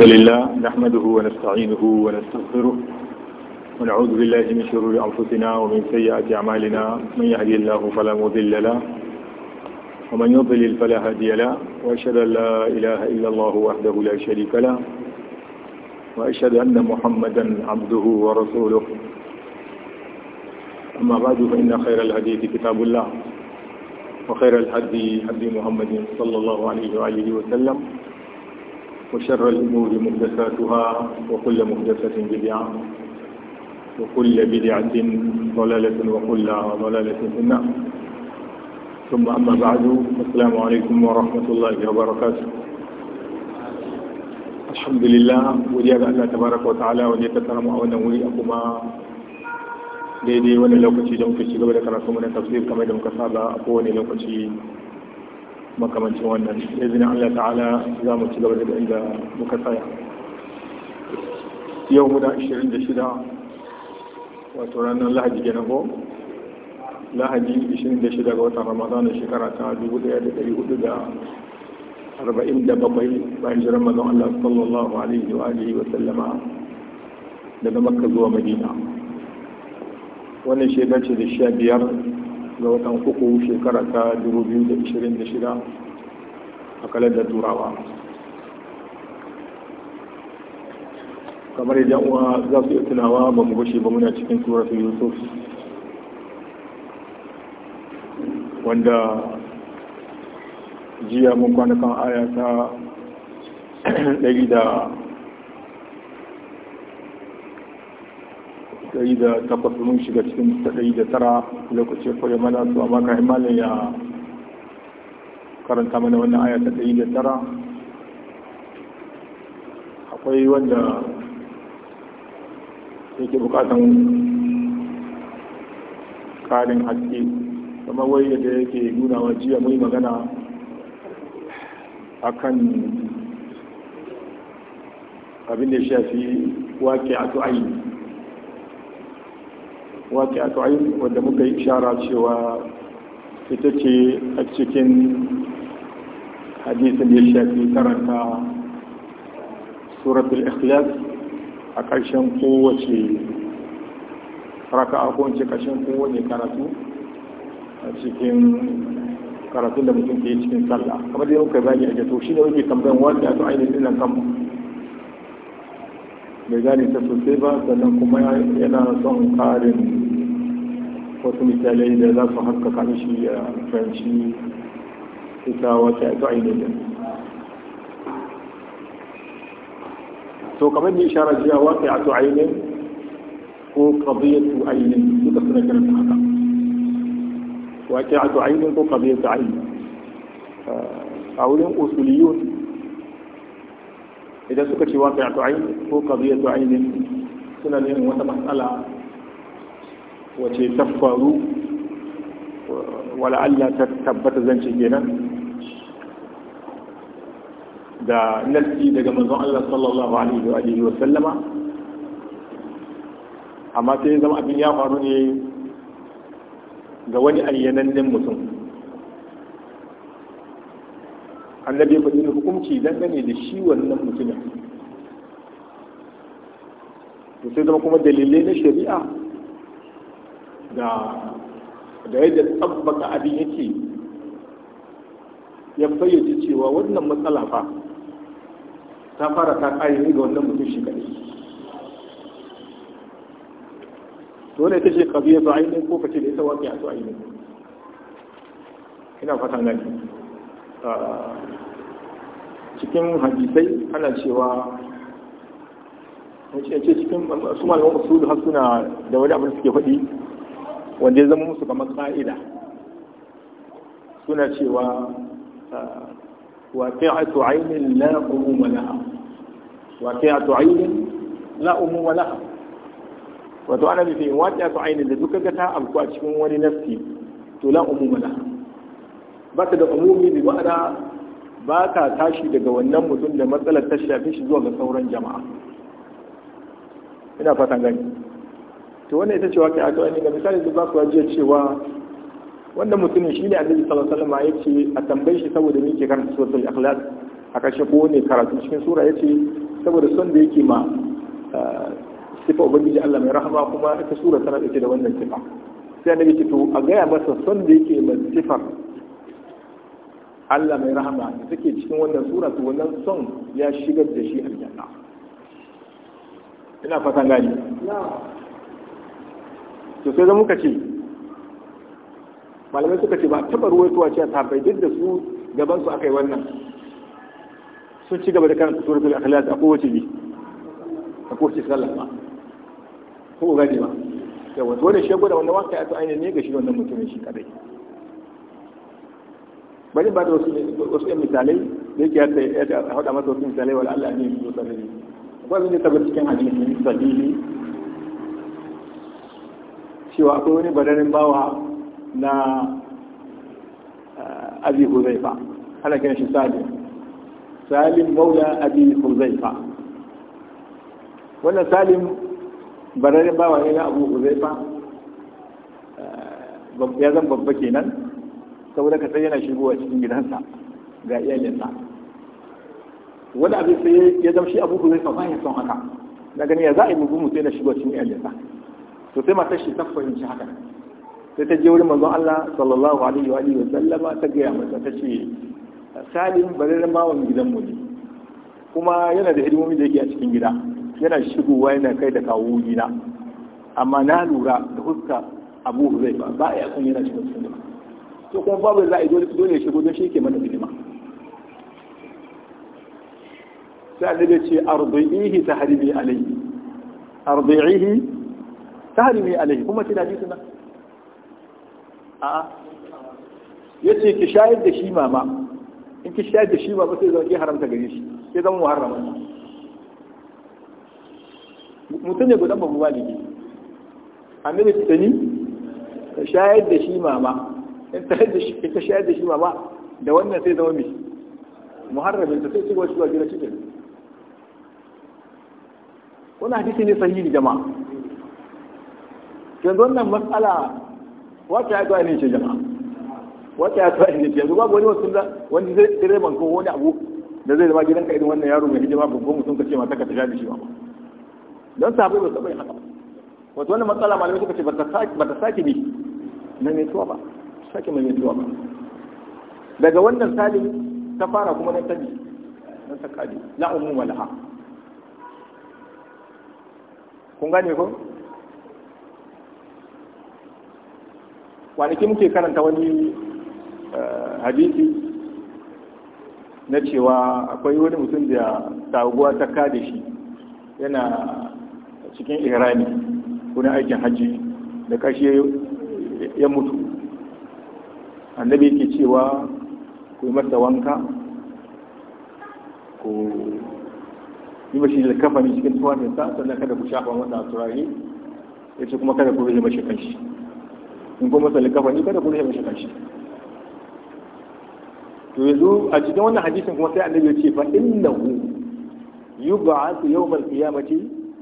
الحمد لله نحمده ونستعينه ونستغفره ونعوذ بالله من شرور أنفسنا ومن سيئات أعمالنا من يهدي الله فلا مضل له ومن يضلل فلا هادي له وأشهد أن لا إله إلا الله وحده لا شريك له وأشهد أن محمدا عبده ورسوله أما بعد فإن خير الحديث كتاب الله وخير الحديث حديث محمد صلى الله عليه وآله وسلم وشر الأمور محدثاتها وكل محدثة بدعة وكل بدعة ضلالة وكل ضلالة في النار ثم أما بعد السلام عليكم ورحمة الله وبركاته الحمد لله وليا الله تبارك وتعالى وليا تكرم أولا وليأكما daidai wani lokaci da muka ci gaba da karatu mana tafsir kamar da muka makamancin wannan izinin Allah ta'ala za mu ci gaba daga inda muka tsaya yau guda 26 wato ranar lahadi gina ko lahadi 26 ga watan ramadan shekara ta 1447 bayan jiran mazan Allah sallallahu alaihi wa alihi wa sallama daga makka zuwa madina wannan shekar ce da 15 ga watan uku shekara ta 2026 a kalandar turawa kamar yadda uwa za su iya tunawa ba mu bashi ba muna cikin turatu yusuf wanda jiya mun kwanakan aya ta sai da takwas mun shiga cikin ta da tara lokacin kwaye mana su amma ka himalaya ya karanta mana wannan aya ta da tara akwai wanda yake bukatan karin haske kamar wai da yake nuna wa jiya mai magana akan abin da shafi wake a tu'ayi waƙi a tu'ayin wadda muka yi ishara cewa ita ce a cikin hadisin ya shafi karanta suratul ikhlas a ƙarshen kowace raka'a a wace ƙarshen kowane karatu a cikin karatun da mutum ke yi cikin sallah kamar da muka zagi a jato shi ne wani tambayan waƙi a tu'ayin ɗin nan kanmu bai gane ta sosai ba sannan kuma yana son ƙarin wasu misalai da za su haskaka mishi a fahimci ita wata ita ainihin to kamar da ishara jiya wata a to ainihin ko qadiyatu ainihin duka suna karanta haka wata a to ainihin ko qadiyatu ainihin a wurin usuliyun idan suka ce wata a to ainihin ko qadiyatu ainihin suna neman wata matsala wace ta faru Allah ta tabbata zance kenan da nassi daga manzon Allah sallallahu alaihi wa wa sallama amma sai zama abin ya faru ne ga wani ayyanannen mutum annabi ya faɗi hukunci dangane da shi wannan mutumin sai zama kuma dalilai na shari'a da da yadda tsabbaka abin yake ya fayyace cewa wannan matsala fa ta fara ta ƙayyari ga wannan mutum shi kaɗai to ne ta ce kabiya su ainihin ko kace da ita waƙi a su ainihin ina fata na ah, cikin hadisai ana cewa ce cikin su malaman usul har suna da wani abin suke faɗi wanda ya zama musu kamar ka'ida, suna cewa a ah, tu'ainin ainin la umuma wafi a tu'ainin na umuma laha wato ana wafi a tu'ainin da duka gata abu a cikin wani nafsi to la umuma laha ba ta da umumi bi ma'ana ba ta tashi daga wannan mutum da matsalar ta shafi shi zuwa ga sauran jama'a ina fatan gani to wannan ita ce waka aka wani ga misali da za ku wajiya cewa wannan mutumin shi a annabi sallallahu alaihi wasallam ce a tambaye shi saboda mike kan karanta suratul ikhlas a kashe ko ne karatu cikin sura yace saboda son da yake ma eh, sifa ubangiji Allah mai rahama kuma ita sura tana dauke da wannan sifa sai annabi ce to a gaya masa son da yake ma sifar Allah mai rahama da take cikin wannan sura to wannan son ya shigar da shi aljanna ina fatan gani to sai zama ce malamai suka ce ba taɓa ruwaitowa cewa tabbai duk da su gaban su aka yi wannan sun ci gaba da kan su turu a kowace bi a kowace sallah ba ko gani ba yawa wasu wani shego da wanda wanka ya to ainihin ne ga shi wannan mutumin shi kadai bari ba da wasu wasu misalai da yake ya ta hada masa wasu misalai wa Allah ne su sarri ko zan ta cikin hadisi sahihi cewa akwai wani bararin bawa na eh, abi huzaifa ana kiran shi salim salim maula abi huzaifa wannan salim bararin bawa ne na abu huzaifa eh, ya zan babba kenan saboda ka sai yana shigowa cikin gidansa ga iyalinsa wani abin sai ya zama shi abu huzaifa ba ya son haka na gani ya za a yi mugu mutu yana shigowa cikin iyalinsa to sai matar shi ta fahimci haka sai ta je wurin manzon Allah sallallahu alaihi wa alihi wa sallama ta gaya mata ta ce salim bararren bawan gidanmu ne kuma yana da hidimomi da yake a cikin gida yana shigowa yana kai da kawo gida amma na lura da huska abu zai ba ba ya kun yana cikin cikin to kuma babu za a yi dole ya shigo don shi ke mana hidima sai annabi ce ardihi tahribi alayhi ardihi mai alaihi kuma ce da hadisin a a'a yace ki shayar da shi mama in ki shayar da shi mama sai zama ki haramta gare shi sai zama muharrama mutum ne gudan babu walidi annabi ta ni ka shayar da shi mama in ka shayar da shi mama da wannan sai zama mai muharrama ta sai cigaba shiwa gida cikin wani hadisi ne sahihi jama'a yanzu wannan matsala wata ya tsaye ne ce jama'a wata ya tsaye ne ce yanzu babu wani wasu da wani zai direban ko wani abu da zai zama gidanka irin wannan yaro mai hijima babban mutum ka ce mata ka tafiya da shi ba don sabu da sabai haka wato wannan matsala malamai suka ce ba ta sake bi na mai tuwa ba sake mai tuwa ba daga wannan salim ta fara kuma nan tabi na ta na la laha kun gane ko kwanaki muke karanta wani eh, hadisi na cewa akwai wani mutum da taguwa ta kada shi yana cikin irani wurin aikin hajji da kashi ya mutu annabi yake cewa ku yi masa wanka ku yi mashi da ne cikin sa sannan kada ku shafa masa turare ya ce kuma kada ku rage mashi kanshi in kuma masa likafani kada ku rufe mishi kashi to yanzu a cikin wannan hadisin kuma sai annabi ya ce fa innahu yub'athu yawmal qiyamati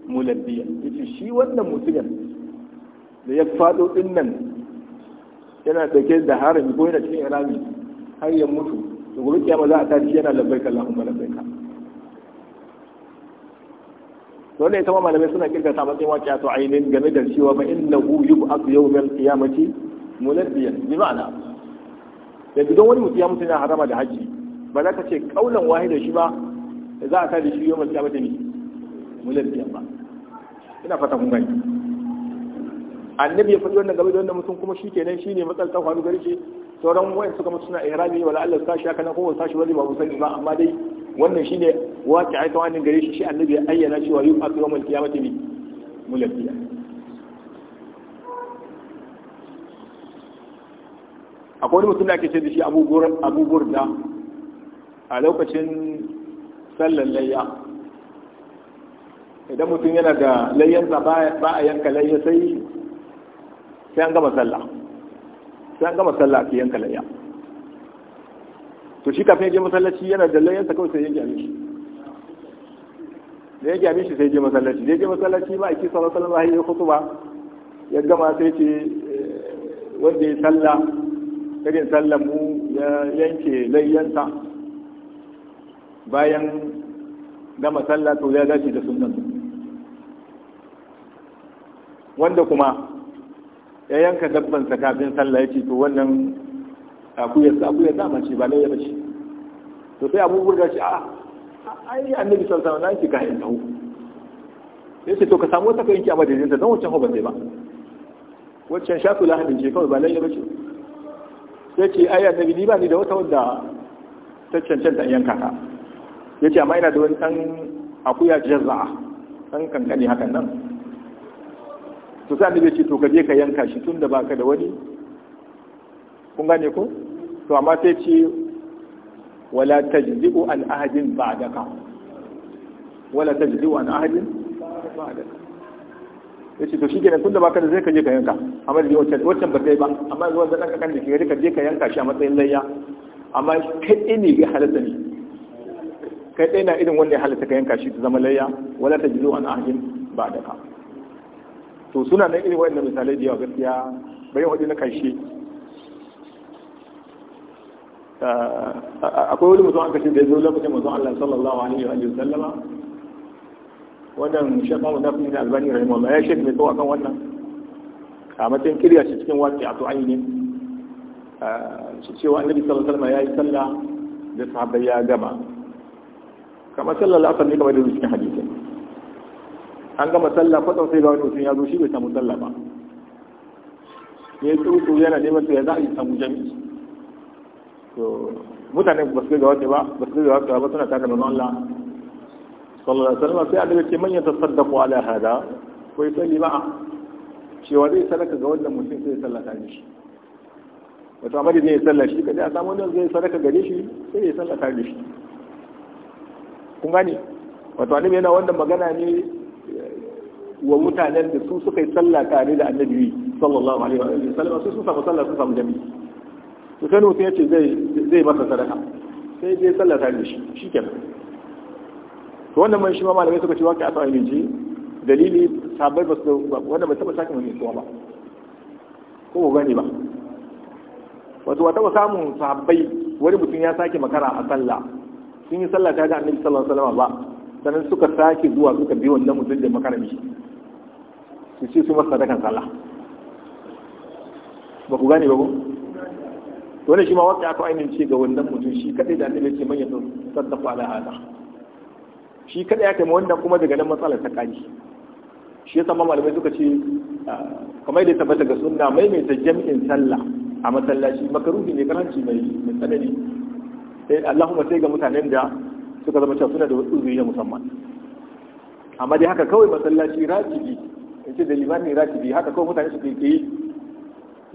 mulabbiya yace shi wannan mutumin da ya fado din nan yana dauke da harami ko yana cikin harami har ya mutu to gobe kiyama za a tashi yana labbaik Allahumma dole ita ma malamai suna ta matsayin waƙiya to ainihin game da cewa fa innahu yub'athu yawmal qiyamati munabbiyan bi ma'ana da don wani mutum ya mutu yana harama da haji ba za ka ce kaulan wahida shi ba za a da shi yawmal qiyamati ne munabbiyan ba ina fata kun gani annabi ya faɗi wannan game da wannan mutum kuma shi kenan shi ne matsal ta faru gari to sauran wayan suka mutu suna ihrami wala Allah shi haka nan ko shi wani ba mu sani ba amma dai wannan shi ne. wace aika wani gare shi shi annabi ya ayyana wa yi fasu yawon kiyamata bi mulafiya akwai wani mutum da ake ce da shi abubuwar da a lokacin sallar layya idan mutum yana da layyansa ba a yanka layya sai sai an gama sallah sai an gama sallah ke yanka layya to shi kafin ya je masallaci yana da layyansa kawai sai yanke shi da ya gyame shi sai je masallaci da ya je masallaci ba aiki sallar sallar wasallam ya khutba ya gama sai ce eh, wanda ya salla irin sallar mu ya yanke layyanta bayan gama sallah to ya dace da sunnan wanda kuma ya yanka dabbansa kafin sallah ya ce to wannan akuyarsa akuyar dama ce ba layyar ce to sai abubuwar gashi a ah, ai annabi sallallahu alaihi wasallam ka hin tawo yace to ka samu wata ka yanki a madadinta don wancan hoban zai ba wancan shaku lahadin ce kawai ba lalle ba ce sai ce ai annabi ni ba ni da wata wanda ta cancanta in yanka ta yace amma ina da wani dan akuya jazza'a dan kankani hakan nan to sai annabi ce to ka je ka yanka shi tun da baka da wani kun gane ko to amma sai ce ولا tajzi'u an ahadin ba'daka wala tajzi'u an ahadin ba'daka yace to shi kenan tunda baka da zai ka je ka yanka amma da wancan wancan ba kai ba amma yanzu da ɗan kakan da ke ka je ka yanka shi a matsayin layya amma kai ne ga halatta ne kai ɗaya na irin wanda ya halatta ka yanka shi ta zama layya wala ta jilo an ahadin ba da ka to suna nan irin wa'annan misalai da yawa gaskiya bayan wajen na karshe Eh, akwai wani mutum aka ce da ya zo lokacin mutum Allah sallallahu alaihi wa sallama wannan shekwa mu nafi ne albani rahimahullah ya shekwa mai tsawo kan wannan a matsayin kirya shi cikin waƙi a tu'ayi ne eh, su cewa annabi sallallahu alaihi ya yi sallah da sahabbai ya gama kamar sallah la'asar ne kamar da cikin hadisi an gama sallah kwatsa sai ga wani mutum ya zo shi bai samu sallah ba ya yi yana neman su ya za a yi samu jami'i to mutane ba su ga wace ba ba su ga wace ba suna tare da manzon Allah sallallahu alaihi wasallam sai annabi ce man yatasaddaqu ala hada ko ya salli ba cewa zai sadaka ga wannan mutum sai ya sallata shi wato amma da zai sallaka shi kada a samu wanda zai sadaka gare shi sai ya ne shi kun gane wato annabi yana wannan magana ne wa mutanen da su suka yi sallaka ne da annabi sallallahu alaihi wa su su samu sallah su samu jami'i to kan wuce ya ce zai masa sadaka sai dai sallah tare da shi shi kenan to wannan man shi ma malamai suka ce wa a asa ilimi dalili sabai ba su wanda bai taba sakin wani tsuwa ba ko ba gani ba wato wata ba samun sabai wani mutum ya sake makara a sallah sun yi sallah tare da annabi sallallahu alaihi wasallam ba sannan suka sake zuwa suka bi wannan mutum da makara mishi su ce su masa sadakan salla ba ku gane ba ko. wani shi ma wata aka amince ga wannan mutum shi kadai da annabi ce man yasun sassafa ala hada shi kadai ya kai wannan kuma daga nan matsalar ta kani shi ya ma malamai suka ce kamar da tabbata ga sunna maimaita jami'in sallah a masallaci makaruhi ne karanci mai tsanani sai Allahumma sai ga mutanen da suka zama cewa suna da wasu uzuri na musamman amma dai haka kawai masallaci ratibi in ce da limani ratibi haka kawai mutane su ke yi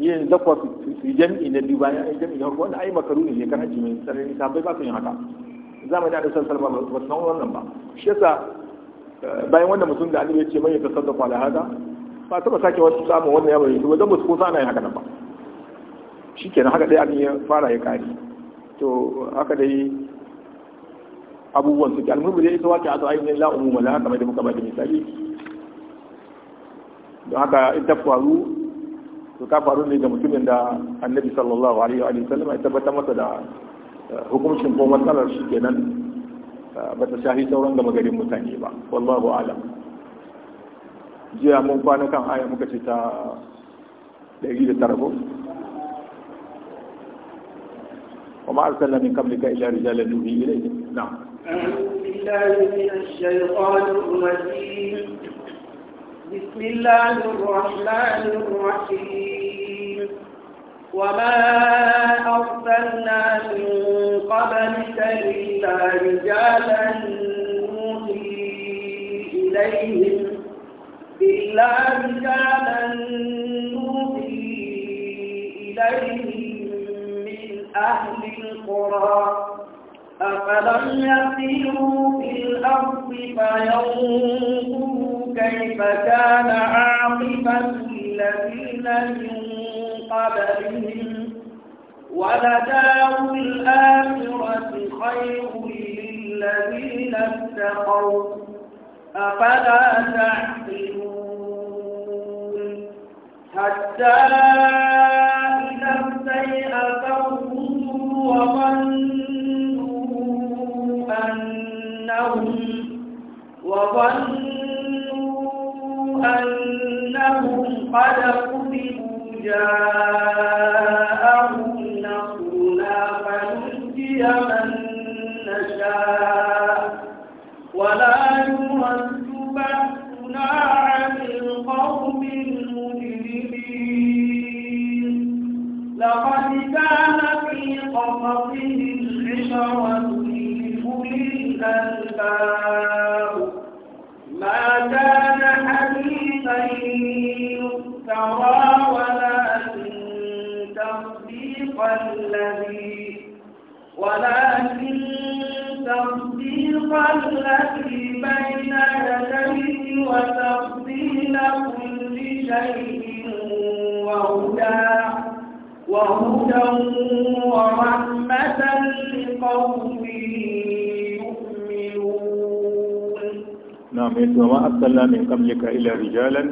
yin zakwa su jam'i na biyu bayan ai jam'i na farko wannan ai makaru ne kan haji mai sarari bai ba su yin haka zamani da Annabi sallallahu alaihi wasallam ba san wannan ba shi yasa eh, bayan wannan mutum da Annabi ya ce mai da ala hada ba taba sake wasu samun wannan ya bari ba zan musu ko ana yin haka nan ba shi shikenan haka dai abin ya fara ya kare to haka dai abubuwan suke almuhimu dai ita wace azu ainihin la umuma la kamar da muka bada misali don haka in ta faru to ka faru ne ga mutumin da annabi sallallahu alaihi wa sallam ya tabbatar masa da hukuncin ko matsalar shi kenan ba ta shafi sauran gama garin mutane ba wallahu alam jiya mun kwana kan aya muka ce ta ɗari da tarabo وما أرسلنا من قبلك إلا رجالا نوحي بسم الله الرحمن الرحيم وما أرسلنا من قبلك إلا رجالا نوحي إليهم إلا رجالا نوحي إليهم من أهل القرى أفلم يسيروا في الأرض فينظروا كيف كان عاقبة الذين من قبلهم ولدار الآخرة خير للذين اتقوا أفلا تعقلون حتى إذا استيأسوا وظنوا أنهم وظنوا أنهم قد كذبوا جاءوا الذي بين يديه وتفصيل كل شيء وهدى وهدى ورحمة لقوم na'am yace wa asalla min qablika ila rijalan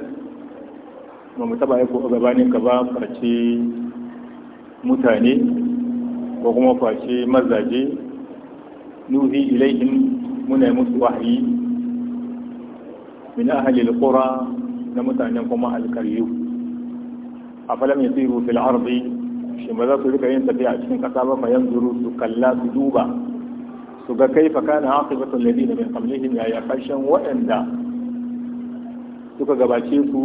ba mu taba aiko gabanin ka ba face mutane ko kuma face mazaje nuhi ilaihim muna yi musu wahayi min ahalil qura na mutanen kuma alkaryu afalam yasiru fil ardi shi ba za su rika yin tafiya a cikin kasa ba fayan zuru su kalla su duba su ga kaifa kana aqibatu alladhina min qablihim ya karshen waɗanda suka gabace su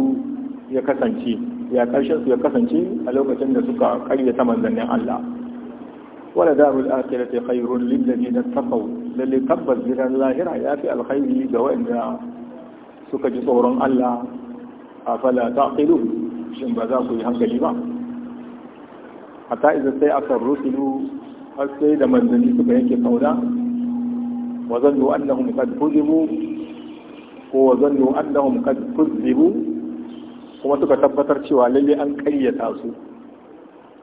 ya kasance ya karshen su ya kasance a lokacin da suka karyata manzannin Allah wala darul akhirati khairun lil ladina taqaw lalle tabbas gidan lahira ya fi alkhairi ga wanda suka ji tsoron Allah a fala taqilu shin ba za ku yi hankali ba hatta idan sai aka rusulu har sai da manzanni suka yanke kauna wa zannu annahum kad kuzibu ko wa da annahum qad kuzibu kuma suka tabbatar cewa lalle an kayyata su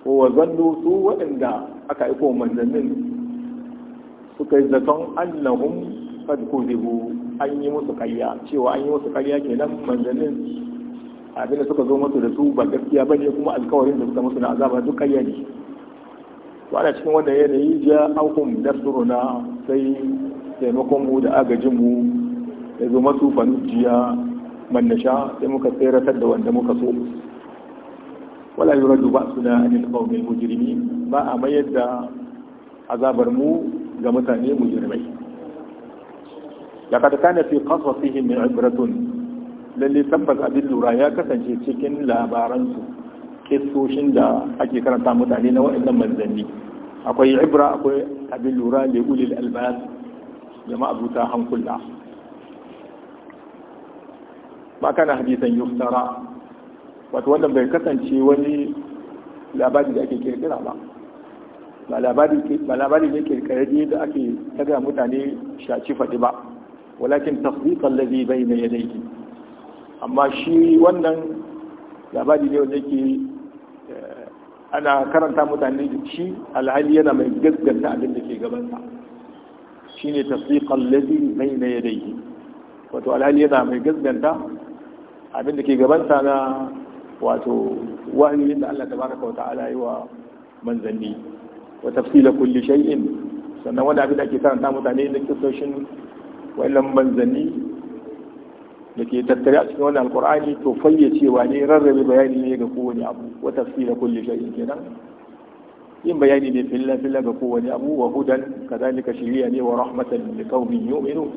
ko wa zannu su waɗanda aka aiko manzannin suka yi zaton annahun kad kuzibu an yi musu ƙarya cewa an yi musu ke kenan manzannin abin da suka zo musu da su ba gaskiya ba ne kuma alkawarin da suka musu na azaba duk ƙarya ne to ana cikin wannan yanayi ja aukum suruna, sai taimakon mu da agajin mu ya zo masu fanujiya mannasha sai muka tseratar da wanda muka so wala yuradu ba'suna anil qawmil mujrimin ba a mayar da azabar mu ga mutane mujrimai laqad kana fi qasasihim ibratun lalle tabbas abin lura ya kasance cikin labaransu kissoshin da ake karanta mutane na waɗannan manzanni akwai ibra akwai abin lura da ulil albas jama'a abuta hankula ba kana hadisan yuftara wato wannan bai kasance wani labari da ake kirkira ba ba labari ne kirkirarri da ake taga mutane shaci faɗi ba walakin tasdiqan ladhi ya yadayhi amma shi wannan labari ne wanda ke, eh, ana karanta mutane da shi alhali yana mai gaggata abin da ke gabansa shine tasdiqan ladhi ya yadayhi wato alhali yana mai gaggata abin da ke gabansa na wato wahayoyin da Allah baraka wa ta'ala yi wa manzanni wa tafsila kulli shay'in sannan wanda abin da ake karanta mutane da kisoshin wannan manzanni da ke tattare a cikin wannan alkur'ani to fayyacewa ne rarrabe bayani ne ga kowane abu wa tafsila kulli shay'in kenan yin bayani ne filla filla ga kowane abu wa hudan kadhalika shirya ne wa rahmatan li qaumin yu'minun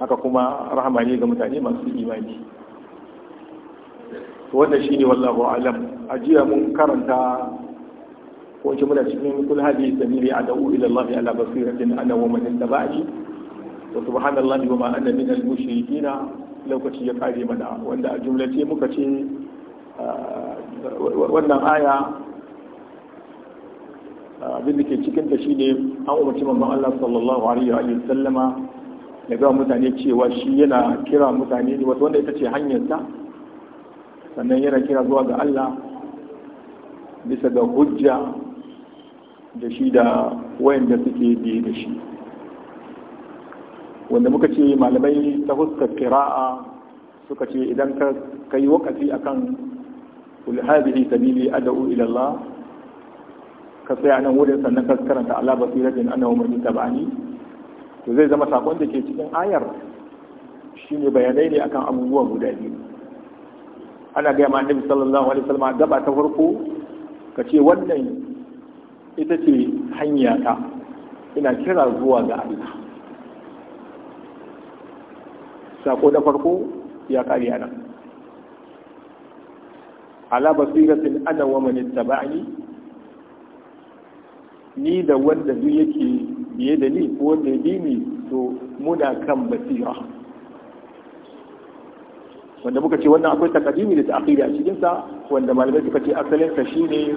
haka kuma rahama ne ga mutane masu imani to wannan shine wallahu alam ajiya mun karanta ko ce muna cikin kul hadi samiri ad'u ila Allah ala basiratin ana wa man tabi'i wa subhanallahi wa ma ana min al lokaci ya kare mana wanda a jumlace muka ce ah, wannan aya ah, abin da ke cikin ta shine an umarci manzon Allah sallallahu alaihi wa sallama ya ga mutane cewa shi yana kira mutane ne wato wanda ita ce hanyarsa sannan yana kira zuwa ga Allah bisa ga hujja da shi da wayanda suke biye da shi wanda muka ce malamai ta kira kira'a suka ce idan ka kai wakati akan kan ulhazihi sabili ad'u ila Allah ka a nan wurin sannan ka karanta ala basiratin annahu man tabani to zai zama sakon da ke cikin ayar shine bayanai ne akan abubuwa guda biyu ana gaya ma annabi sallallahu alaihi wasallam gaba ta farko ka ce wannan ita ce hanya ta ina kira zuwa ga Allah sako da farko ya kare ana ala basiratin ana wa man ittaba'ani ni da wanda duk yake biye da ni ko wanda ya ni to muna kan basira wanda muka ce wannan akwai takadimi da ta'khiri a cikinsa, sa wanda malamai suka ce asalin sa shine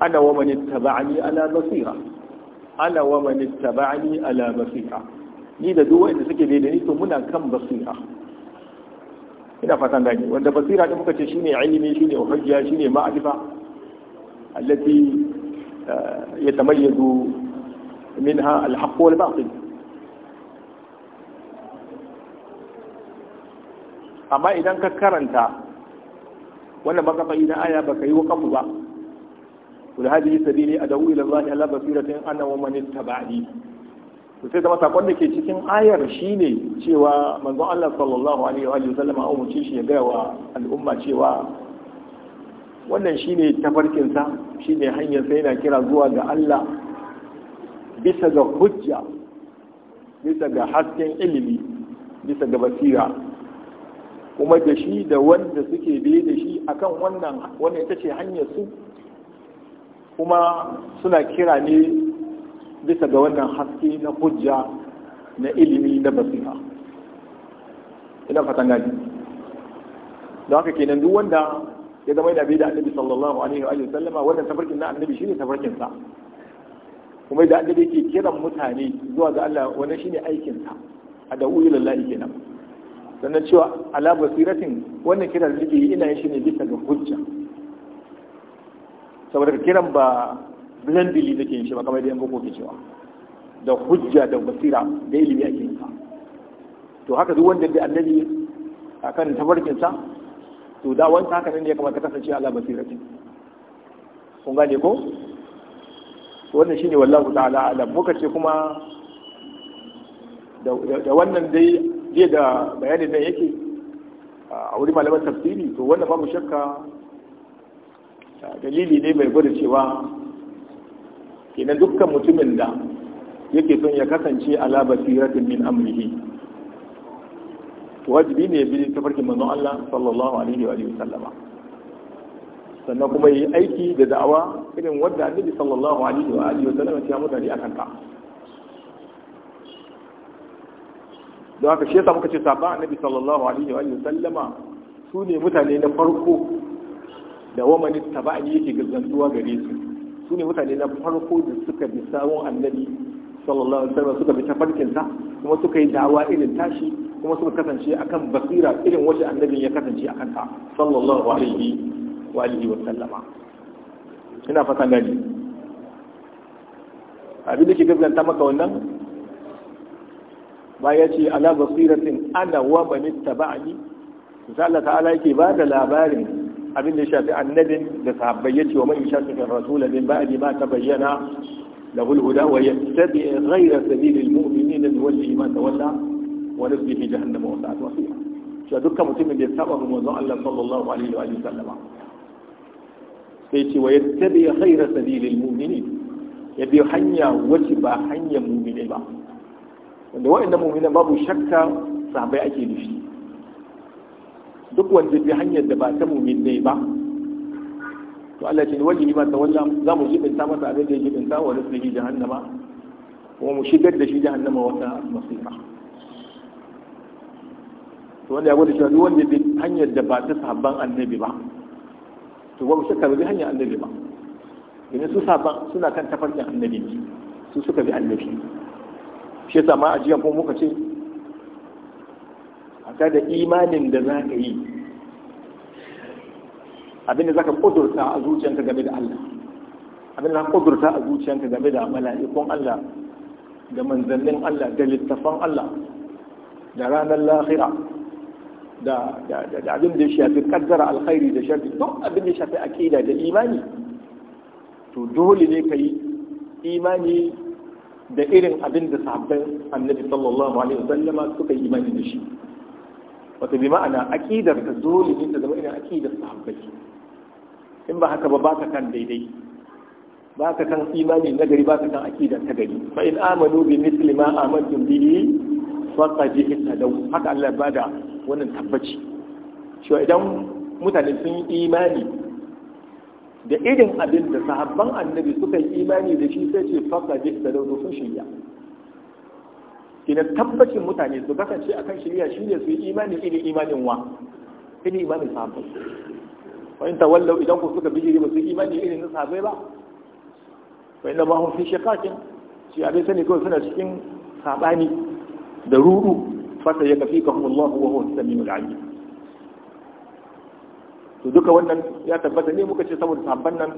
ana wa man ittaba'ani ala basira ana wa man ittaba'ani ala basira ni da duk wanda suke da ni to muna kan basira ina fatan da ni, wanda basira din muka ce shine ilimi shine hujja shine ma'rifa allati yatamayyazu minha al-haqq wal batil amma idan ka karanta wannan makafa idan aya baka yi wa wakafu ba kul hadi sabili ad'u ila Allah ala basiratin ana wa man ittaba'ani to sai zama sakon da ke cikin ayar shine cewa manzon Allah sallallahu alaihi wa sallam a umurce shi ya gaya wa al'umma cewa wannan shine tafarkinsa shine hanyar sai yana kira zuwa ga Allah bisa ga hujja bisa ga hasken ilimi bisa ga basira kuma da shi da wanda suke biye da shi akan wannan wannan ita ce hanyar su kuma suna kira ne bisa ga wannan haske na hujja na ilimi na basira ina fatan gani da haka kenan duk wanda ya zama yana bai da annabi sallallahu alaihi wa sallama wannan tafarkin na annabi shine tafarkin sa kuma da annabi yake kiran mutane zuwa ga Allah wannan shine aikin sa a da uyu lillahi kenan sannan cewa ala basiratin wannan kiran da yake yi ina yin shi ne bisa ga hujja saboda ka kiran ba da ke yin shi ba kamar da yan boko ke cewa da hujja da basira da ilimi ake yin to haka duk wanda da annabi a kan sa to da wani haka ne ya kamata kasance Allah basira ce kun gane ko to wannan shine wallahu ta'ala alam muka ce kuma da wannan dai da bayanin nan yake a wuri malaman tafsiri to wannan ba mu shakka dalili ne mai gwada cewa kenan dukkan mutumin da yake son ya kasance ala basiratin min amrihi wajibi ne bi tafarki manzon Allah sallallahu alaihi wa alihi sallama sannan kuma yi aiki da da'awa irin wadda annabi sallallahu alaihi wa alihi sallama ya mutane akan ta don haka shi yasa muka ce sahaba annabi sallallahu alaihi wa sallama su ne mutane na farko da wamanin wamani taba'ani yake gazantuwa gare su su ne mutane na farko da suka bi sawon annabi sallallahu alaihi wasallam suka bi tafarkinsa kuma suka yi dawa irin tashi kuma suka kasance akan basira irin wacce annabin ya kasance akan ta sallallahu alaihi wa alihi wa sallama ina fata gani abin da ke gaskanta maka wannan ya ce ala basiratin ana wa bani taba'ani insha Allah ta'ala yake ba da labarin abin da ya shafi annabin da sahabbai ya ce wa man yashaqiqi ar-rasul min ba'di ma tabayyana lahu al-huda wa yattabi ghayra sabili al-mu'minin nuwallihi ma tawalla wa nuslihi jahannama wa sa'at masira cewa dukkan mutumin da ya saba ga manzon Allah sallallahu alaihi wa sallama sai ce wa yattabi ghayra sabili al-mu'minin ya bi hanya wacce ba hanyar mu'mine ba wanda wa'annan mu'minan babu shakka sahabbai ake nufi duk wanda bi hanyar da ba ta mumin ne ba to Allah ce wajibi ma ta wallan za mu jibinta masa abin da ya jibinta wa nasihi jahannama kuma mu shigar da shi jahannama wata masifa to wanda ya gode shi duk wanda bi hanyar da ba ta sabban annabi ba to ba mu shakka bi hanyar annabi ba domin su sabban suna kan tafarkin annabi su suka bi annabi shi yasa ma a jiya kuma muka ce hatta da imanin da za ka yi abinda za ka kudurta a zuciyanka game da Allah abinda za ka kudurta a zuciyanka game da mala'ikun Allah da manzannin Allah da littafan Allah da ranar lahira da abin da ya shafi kaddara alkhairi da shafi duk abin da ya shafi akida da imani to dole ne ka yi imani da irin abin da sahabban annabi sallallahu alaihi wasallama suka yi imani da shi wato bi ma'ana aqidar ta dole ne ta zama irin aqidar sahabbai in ba haka ba ba ka kan daidai ba ka kan imani na gari ba ka kan aqidar ta gari fa in amanu bi misli ma amantum bihi faqad ihtadaw haka Allah ba da wannan tabbaci cewa idan mutane sun yi imani da irin abin da sahabban annabi suka yi imani da shi sai ce faqad ihtadaw sun shirya idan tabbacin mutane su kasance a kan shari'a ne su yi imanin irin imanin wa irin imanin sahabbai wani in tawallau idan ku suka bijiri ba su imanin irin na sahabbai ba wani da ma hum fi shiqaqin shi abin sani kawai suna cikin sabani da ruru fasa ya kafi ka kuma Allah wa huwa sami alim to duka wannan ya tabbata ne muka ce saboda sabban nan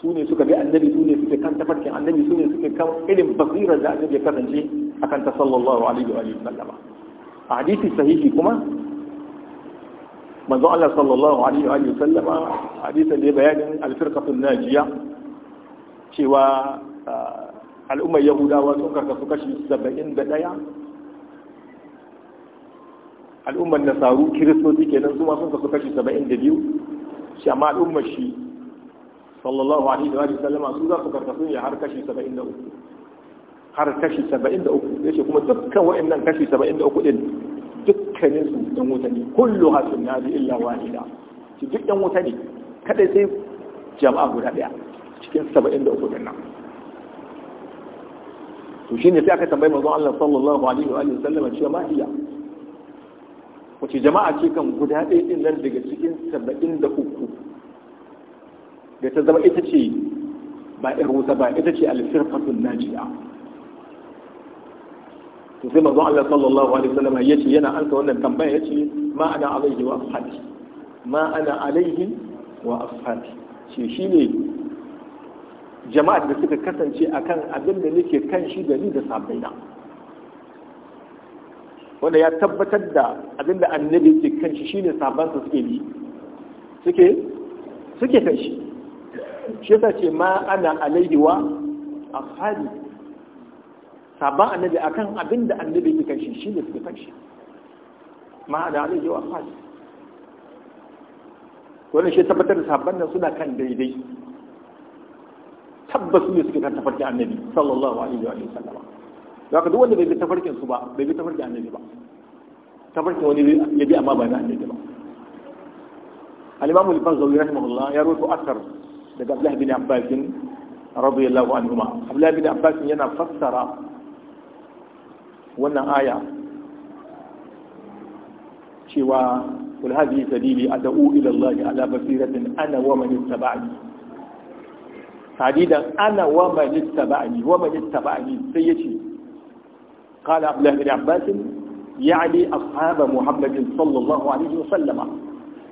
su ne suka bi annabi su ne suke kan tafarkin annabi su ne suke kan irin basirar da annabi ya kasance akan ta sallallahu alaihi wa sallama a hadisi sahihi kuma manzo Allah sallallahu alaihi wa sallama hadisin da bayanin alfirqatul najiya cewa al'ummar yahudawa sun karkasu kashi saba'in da ɗaya al'ummar nasaru kiristoci kenan su ma sun karkasu kashi saba'in da biyu shi amma al'ummar shi sallallahu alaihi wa sallama su za su karkasu ne har kashi saba'in da uku har kashi 73 yace kuma dukkan wa'annan kashi 73 din dukkanin su dan wuta ne kullu hasun nari illa wahida shi duk dan wuta ne kada sai jama'a guda daya cikin 73 din nan to shine sai aka tambayi manzon Allah sallallahu alaihi wa alihi sallama cewa ma hiya wace jama'a ce kan guda ɗaya din nan daga cikin 73 da ta zama ita ce ba ƴar wuta ba ita ce alfirfatun najiya sai mazan Allah sallallahu alaihi wasallam ce yana ansa wannan tambaya ce, ma ana alaihi wa ashabi ma ana alaihi wa ashabi shi shine jama'ar da suka kasance akan abin da nake kan shi da ni da sabaina wanda ya tabbatar da abin da annabi ke kan shi shine sabansa suke bi suke suke kan shi shi yasa ce ma ana alaihi wa ashabi sabon annabi akan abin da annabi yake kan shi ne suke kan shi ma da alaihi wa sallam wannan shi tabbatar da sabon nan suna kan daidai tabbas ne suke kan tafarki annabi sallallahu alaihi wa sallama da haka duk wanda bai bi tafarkin su ba bai bi tafarkin annabi ba tafarkin wani ya bi amma ba na annabi ba al-imam al-fazawi rahimahullah ya rubuta asar daga Abdullah bin Abbas radiyallahu anhuma Abdullah bin Abbas yana fassara wannan aya cewa kul hadhihi sabili ad'u ila Allah ala basiratin ana wa man ittaba'ani sadidan ana wa man ittaba'ani wa man ittaba'ani sai yace qala abdullah bin abbas يعني أصحاب محمد صلى الله عليه وسلم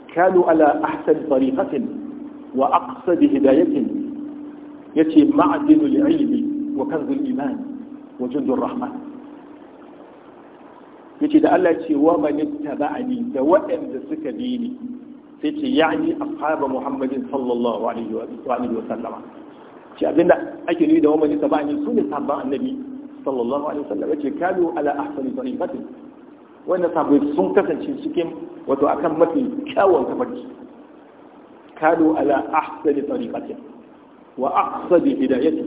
كانوا على أحسن طريقة وأقصد هداية يتي معدن العلم وكنز الإيمان وجند الرحمن yace da Allah ce wa man ittaba'ani da waɗanda suka bi ni sai ce ya'ni ashabu muhammadin sallallahu alaihi wa alihi sallama ce abinda ake nufi da wa man ittaba'ani sune sahabban annabi sallallahu alaihi wa sallam yace kalu ala ahsani tariqatin wannan sahabbai sun kasance cikin wato akan mafi kyawun tafarki kalu ala ahsani tariqatin wa aqsadi hidayati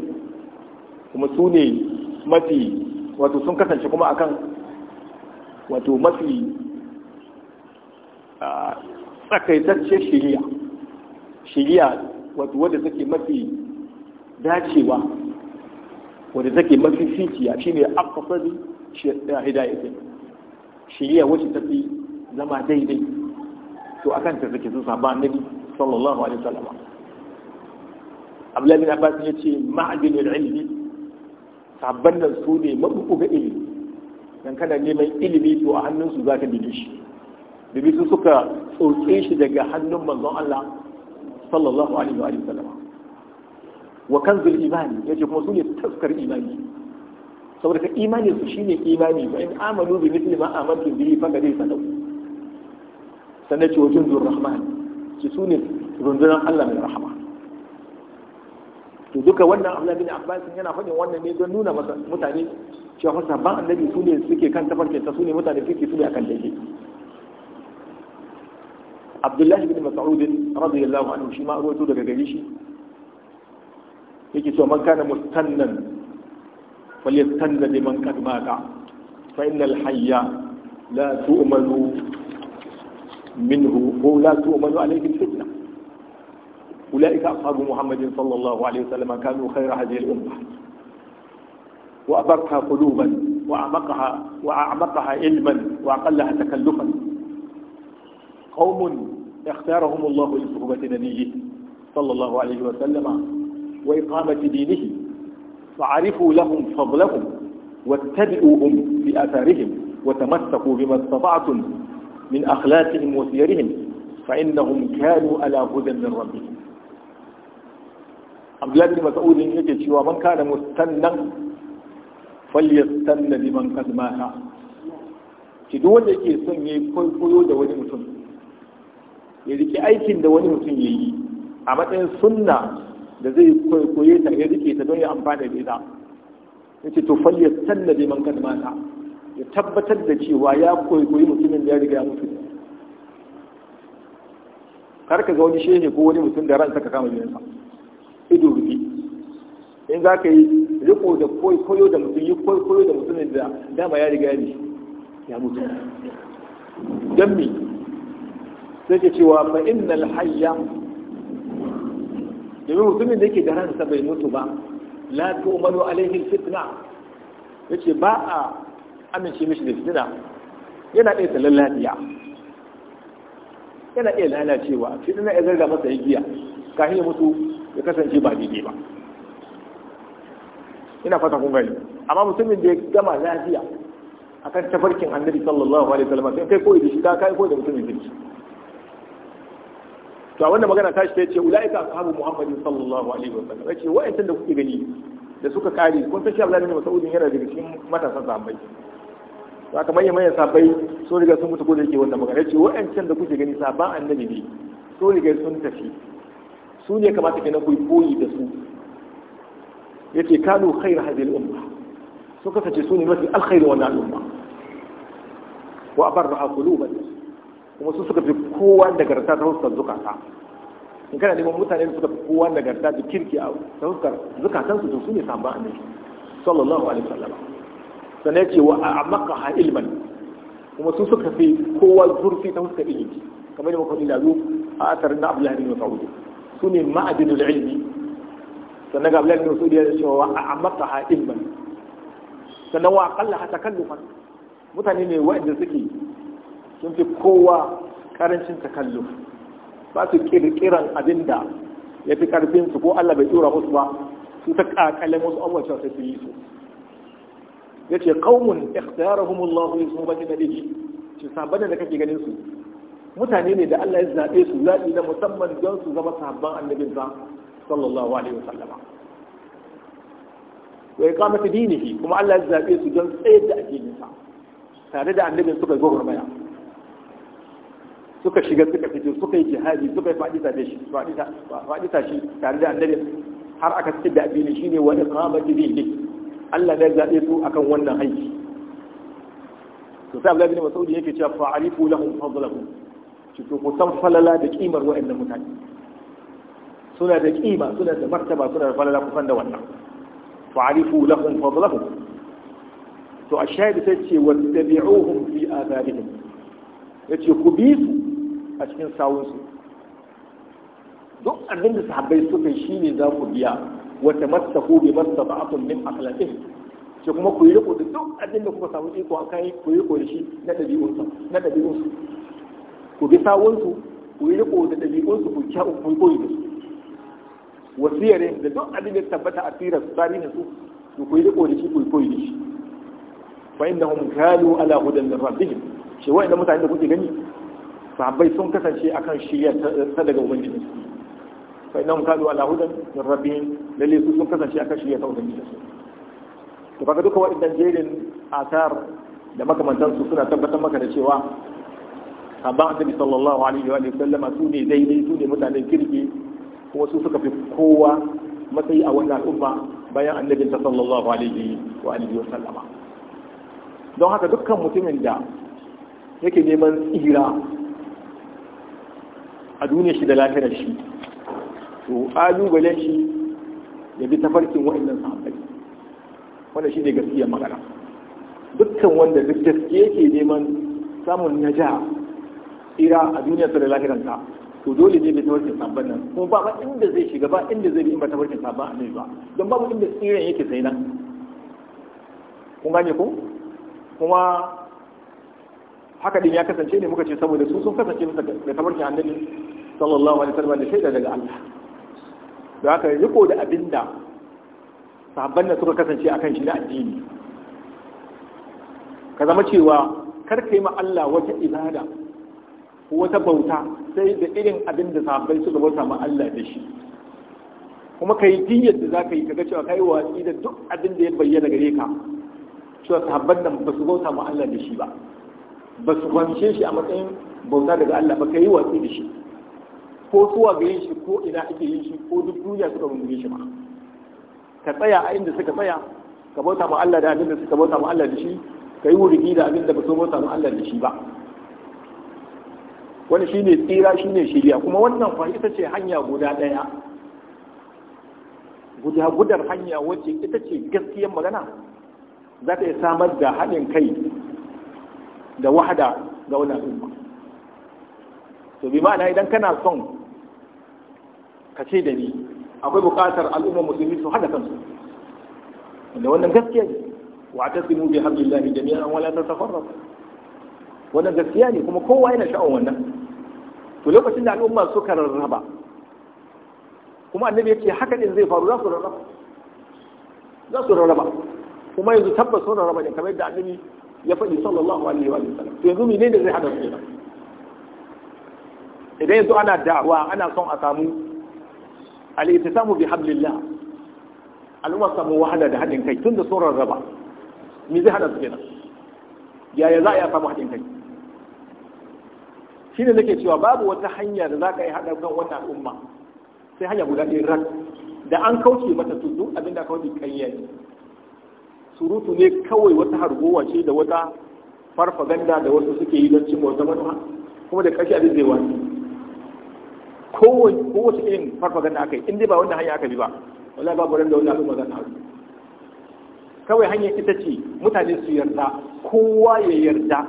kuma sune mafi wato sun kasance kuma akan wato mafi tsakaitacce shiriya shiriya wato wadda take mafi dacewa wadda take mafi fitiya shine akfasari hidayatin shiriya wacce ta fi zama daidai to akan ta take sun saba annabi sallallahu alaihi wasallam abdullahi bin abbas ya ce ma'adinul ilmi sabban nan su ne mabuku ga ilimi dan kana neman ilimi to a hannunsu za ka dibe shi dibe su suka tsoke shi daga hannun manzon Allah sallallahu alaihi wa sallam wa kan kanzul imani ce kuma su ne taskar imani saboda ka imani su shine imani ba in amanu bi mithli ma amantu bihi fa kadai sadau sannan ce wa jundur rahman su ne rundunar Allah mai rahama to duka wannan Abdullahi bin Abbas yana faɗin wannan ne don nuna mutane cewa fa sabban annabi su ne suke kan tafarkin ta su ne mutane suke su ne akan daidai Abdullahi bin Mas'ud radiyallahu anhu shi ma rawaito daga gari shi yake cewa man kana mustannan falyastanna liman qad mata fa innal hayya la tu'malu minhu ko la tu'malu alayhi fitna أولئك أصحاب محمد صلى الله عليه وسلم كانوا خير هذه الأمة وأبرها قلوبا وأعمقها, وأعمقها علما وأقلها تكلفا قوم اختارهم الله لصحبة نبيه صلى الله عليه وسلم وإقامة دينه فعرفوا لهم فضلهم واتبعوهم في آثارهم وتمسكوا بما استطعتم من أخلاقهم وسيرهم فإنهم كانوا على هدى من ربهم abdullahi bin yake cewa man kana mustannan falyastanna liman qad mata ki duk wanda yake son yayi koyo da wani mutum ya rike aikin da wani mutum yayi a matsayin sunna da zai koyo ta ya rike ta don ya amfana da ita yace to falyastanna liman qad mata ya tabbatar da cewa ya koyi mutumin da ya riga ya mutu kar ka ga wani shehe ko wani mutum da ransa ka kama jinsa ido rufi in za ka yi riko da koyo da mutum yi koyo da mutum da dama ya riga ne ya mutu don mi sai ke cewa fa innal hayya domin mutumin da yake da ransa bai mutu ba la tu'manu alaihi fitna yace ba a amince mishi da fitina yana iya tsallan lafiya yana iya lalacewa fitina ya zarga masa giya kafin ya mutu ya kasance ba daidai ba ina fata kun gani amma musulmin da ya gama lafiya akan tafarkin annabi sallallahu alaihi wasallam sai kai koyi da shi ka kai koyi da mutumin da shi to a wannan magana tashi ta ce ulaika ashabu muhammadin sallallahu alaihi wasallam yace wa'in da kuke gani da suka kare kun san shi Abdullahi bin yana daga cikin matasan sahabbai to aka manyan manyan sahabbai so riga sun mutu ko da yake wannan magana yace wa'in da kuke gani sahabban annabi ne so riga sun tafi su ne kamata kenan na koyi da su yace kanu khairu hadhihi al-umma su kasance su ne mafi alkhairu wannan al'umma wa abarra quluban kuma su suka fi kowa garta ta huskar zukata in kana neman mutane da suka fi kowa garta da kirki a ta huskar zukatan su su ne sabon annabi sallallahu alaihi wasallam sannan ce wa ha ilman kuma su suka fi kowa zurfi ta huskar ilimi kamar da muka faɗi a asarin na Abdullahi bin Mas'ud suni ne ilmi sannan ga Abdullahi bin Mas'ud ya ce wa a'amataha ilman sannan wa aqalla hata kallufan mutane ne wa'anda suke sun fi kowa karancin takalluf ba su kirkiran abinda ya fi karfin su ko Allah bai tura musu ba su ta kakale musu abubuwa cewa sai su yi su yace qaumun ikhtiyarahum Allah li suhbati nabiyyi ce saban da kake ganin su mutane ne da Allah ya zaɓe su zaɓi na musamman don su zama sahabban annabin sa sallallahu alaihi wa sallama wasallama wa iqamati dinihi kuma Allah ya zaɓe su don tsayar da addinin sa tare da annabin suka gwagwarmaya suka shiga suka fito suka yi jihadi suka yi faɗi tashi shi faɗi tashi tare da annabin har aka cikin da shi ne wani qamati dinihi Allah ya zaɓe su akan wannan aiki sosai sai Abdullahi bin Mas'ud yake cewa fa'arifu lahum fadlahum to ku san falala da kimar wa'annan mutane suna da kima suna da martaba suna da falala ku da wannan arifu lahum fadlahum to ashhadu tace tabi'uhum fi adabihim yace ku bi su a cikin sawun su duk abin da sahabbai suka shi ne za ku biya wa tamassaku bi mastata'tum min akhlaqihim ce kuma ku yi riko da duk abin da kuka samu iko akai ku yi riko da shi na sa na dabi'unsa ku bi sawunsu ku yi riko da ɗabi'unsu ku kya ku koyi da su wasiyar da duk abin da tabbata a tsira su tsari da su ku yi riko da shi ku koyi da shi fa hum kalu ala hudan min rabbihim shi wa'anda mutane da kuke gani sahabbai sun kasance akan shirya ta daga ubangiji fa hum kalu ala hudan min rabbihim lalle su sun kasance akan shirya ta ubangiji to kaga duka waɗannan jerin asar da makamantansu suna tabbatar maka da cewa amma annabi sallallahu alaihi wa sallam su ne daidai su ne mutanen kirki kuma su suka fi kowa matsayi a wannan al'umma bayan annabin ta sallallahu alaihi wa wa sallama don haka dukkan mutumin da yake neman tsira a duniya shi da lafiyar shi to ƙalubalen shi ya bi tafarkin wa'annan sahabbai wanda shi ne gaskiya magana dukkan wanda duk yake neman samun naja tsira a duniya ta da lahiranta to dole ne bai tabarkin sabon nan kuma ba ba inda zai shiga ba inda zai bi in ba tabarkin sabon annabi ba don babu inda tsiran yake sai nan kun gane ko kuma haka din ya kasance ne muka ce saboda su sun kasance musu da tabarkin annabi sallallahu alaihi wasallam da shaida daga Allah da haka riko da abinda sabon nan suka kasance akan shi na addini ka zama cewa kar kai ma Allah wata ibada wata bauta sai da irin abin da sahabbai suka bauta ma Allah da shi kuma kai diyyar da zaka yi kaga cewa kai watsi da duk abin da ya bayyana gare ka cewa sahabban nan ba su bauta ma Allah da shi ba ba su kwance shi a matsayin bauta daga Allah ba kai watsi da shi ko suwa gare shi ko ina ake yin shi ko duk duniya suka rungume shi ba ka tsaya a inda suka tsaya ka bauta ma Allah da abin da suka bauta ma Allah da shi kai wurigi da abin da ba su bauta ma Allah da shi ba wani shi ne tsira shi ne shiriya kuma wannan fa ita ce hanya guda daya guda gudar hanya wacce ita ce gaskiyar magana za ta iya samar da haɗin kai da wahada ga wani al'umma to bi ma'ana idan kana son ka ce da ni akwai buƙatar al'umma musulmi su haɗa kansu wanda wannan gaskiya ne wa ta sinu bi hablillahi jami'an wala ta tafarraqu wannan gaskiya ne kuma kowa yana sha'awar wannan to lokacin da al'umma suka rarraba kuma annabi ya ce haka din zai faru za su rarraba za su rarraba kuma yanzu tabbas sun rarraba ne kamar yadda annabi ya faɗi sallallahu alaihi wa sallam to yanzu menene da zai hada su idan yanzu ana da'awa ana son a samu al-ittisamu bi hablillah al'umma samu wahala da haɗin kai tun da sun rarraba me zai hada su kenan yaya za a yi a samu haɗin kai shi ne nake cewa babu wata hanya da za ka yi haɗar kan wata al'umma sai hanya guda ɗaya rak da an kauce mata to duk abin da kauce kayya surutu ne kawai wata hargowa ce da wata farfaganda da wasu suke yi don cin wata manuwa kuma da ƙarshe abin zai wani kowace irin farfaganda aka yi in ba wanda hanya aka bi ba wala babu ran da wani al'umma za ta haɗu kawai hanyar ita ce mutane su yarda kowa ya yarda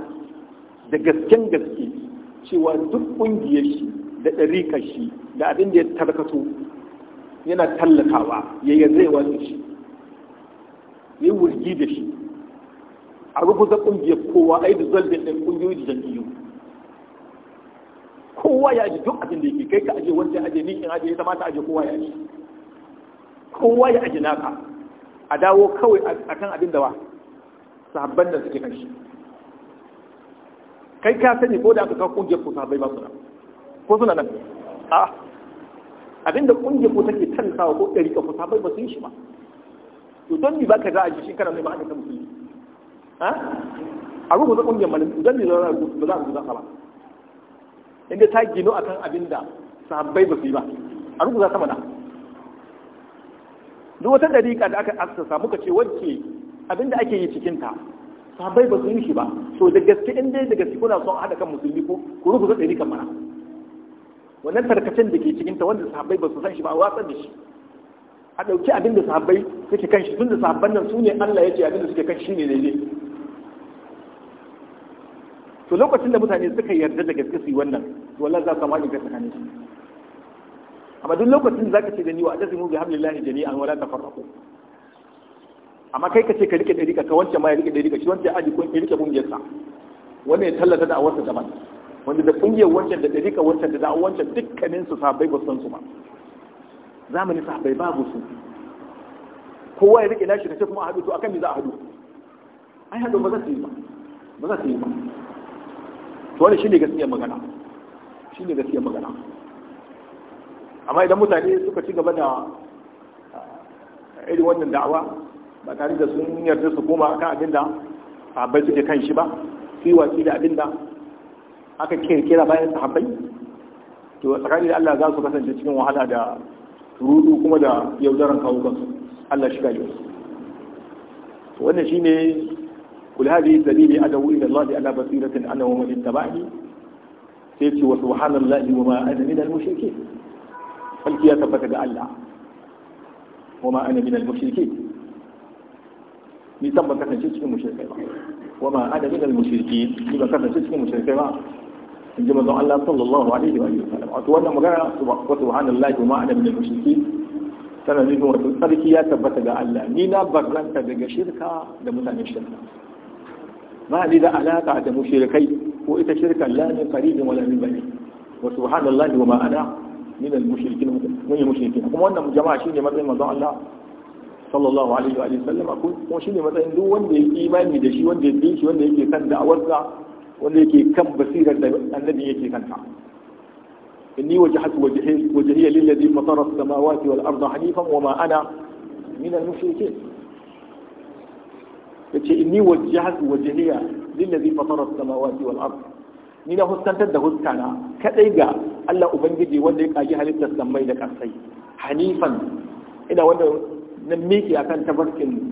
da gasken gaske cewa duk ƙungiyar shi da ɗarikar shi da abin da ya tarkato yana tallatawa ya zai da shi ya wurgi da shi a rubuta ƙungiyar kowa a yi da zalbin ɗin ƙungiyoyi da jam'iyyu kowa ya ji duk abin da ke kai ka aje wancan aje ni in aje ya zama ta aje kowa ya ji kowa ya aje naka a dawo kawai kan abin da wa sahabban da suke kan shi kai ka sani ko da aka kawo kungiyar ku sahabbai ba su nan ko suna nan a abinda kungiyar ku take tantawa ko ɗari ka ku sahabbai ba su yi shi ba to don me baka za a ji shi mai ma'aikata ta musulmi a rubuta kungiyar malin don me za a rubuta ba inda ta gino akan abinda sahabbai ba su yi ba a rubuta sama da duk wata dariƙa da aka asasa muka ce wacce abinda ake yi cikinta sahabbai ba su yi shi ba so da gaske in dai da gaske kuna son haɗa kan musulmi ko ku rubuta ɗari kan mana wannan tarkacin da ke cikin ta wanda sahabbai ba su san shi ba a watsar da shi a ɗauki abin da sahabbai suke kan shi tun da sahabban nan su ne Allah ya ce abin da suke kan shi ne daidai to lokacin da mutane suka yarda da gaske su yi wannan to wallahi za su samu haɗin kai tsakanin su amma duk lokacin da zaka ce da ni wa adasimu bi hablillahi jami'an wala tafarraqu amma kai ka ce ka rike ɗariƙa ka wancan ma ya rike ka shi wancan aji kun rike ƙungiyarsa wannan ya tallata da awarsa daban wanda da ƙungiyar wancan da ka wancan da da'awar wancan dukkanin su sahabbai ba san su ba zamani sahabbai babu su kowa ya rike nashi kace kuma a haɗu to akan me za a haɗu ai haɗu ba za su yi ba ba za su yi ba to wannan shine gaskiya magana shine gaskiya magana amma idan mutane suka ci gaba da eh, irin wannan da'awa ba tare da sun yarda su koma akan abin da sahabbai suke kan shi ba su yi watsi da abin da aka kirkira bayan sahabbai to tsakani da Allah za su kasance cikin wahala da rudu kuma da yaudaran kawo Allah shi gari wannan shine kul hadi dalili adawu ila Allah ala basiratin ana wa man ittaba'ani sai ce wa subhanallahi wa ma ana min al mushrikeen falki ya tabbata ga Allah wa ma ana min al mushrikeen ni san ban kasance cikin mushrikai ba wa ma ana al mushriki ni ban kasance cikin mushrikai ba in ji manzon Allah sallallahu alaihi wa sallam wato wannan magana wa subhanallahi wa ma ana minal mushriki tana nufin wato tsarki ya tabbata ga Allah ni na barranta daga shirka da mutanen shirka ba ni da alaka da mushrikai ko ita shirka la min qaribin wala min bani wa subhanallahi wa ma ana al mushrikin mun yi mushrikin kuma wannan jama'a shine matsayin manzon Allah sallallahu alaihi wa sallama kuma shine matsayin duk wanda ya imani da shi wanda ya bi shi wanda yake kan da'awarsa wanda yake kan basirar da annabi yake kanta inni wajhat wajhiya lilladhi fatara as-samawati wal arda hanifan wa ma ana min al-mushrikeen yace inni wajhat wajhiya lilladhi fatara as-samawati wal arda ni na huskantar da huskana kadai ga Allah ubangiji wanda ya kaji halittar sammai da kasai hanifan ina wanda na miki akan tabarkin